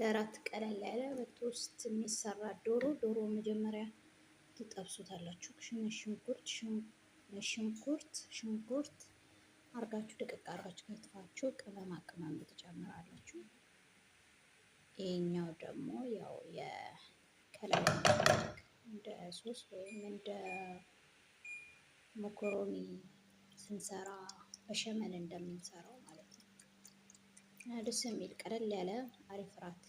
ለራት ቀለል ያለ በቶስት የሚሰራ ዶሮ። ዶሮ መጀመሪያ ትጠብሱታላችሁ። ሽንኩርት ሽንኩርት ሽንኩርት አርጋችሁ ደቀቅ አርጋችሁ ከትፋችሁ ቅመማ ቅመም ትጨምራላችሁ። ይሄኛው ደግሞ ያው የከላይ እንደ ሶስ ወይም እንደ መኮሮኒ ስንሰራ በሸመን እንደምንሰራው ደስ የሚል ቀለል ያለ አሪፍ ራት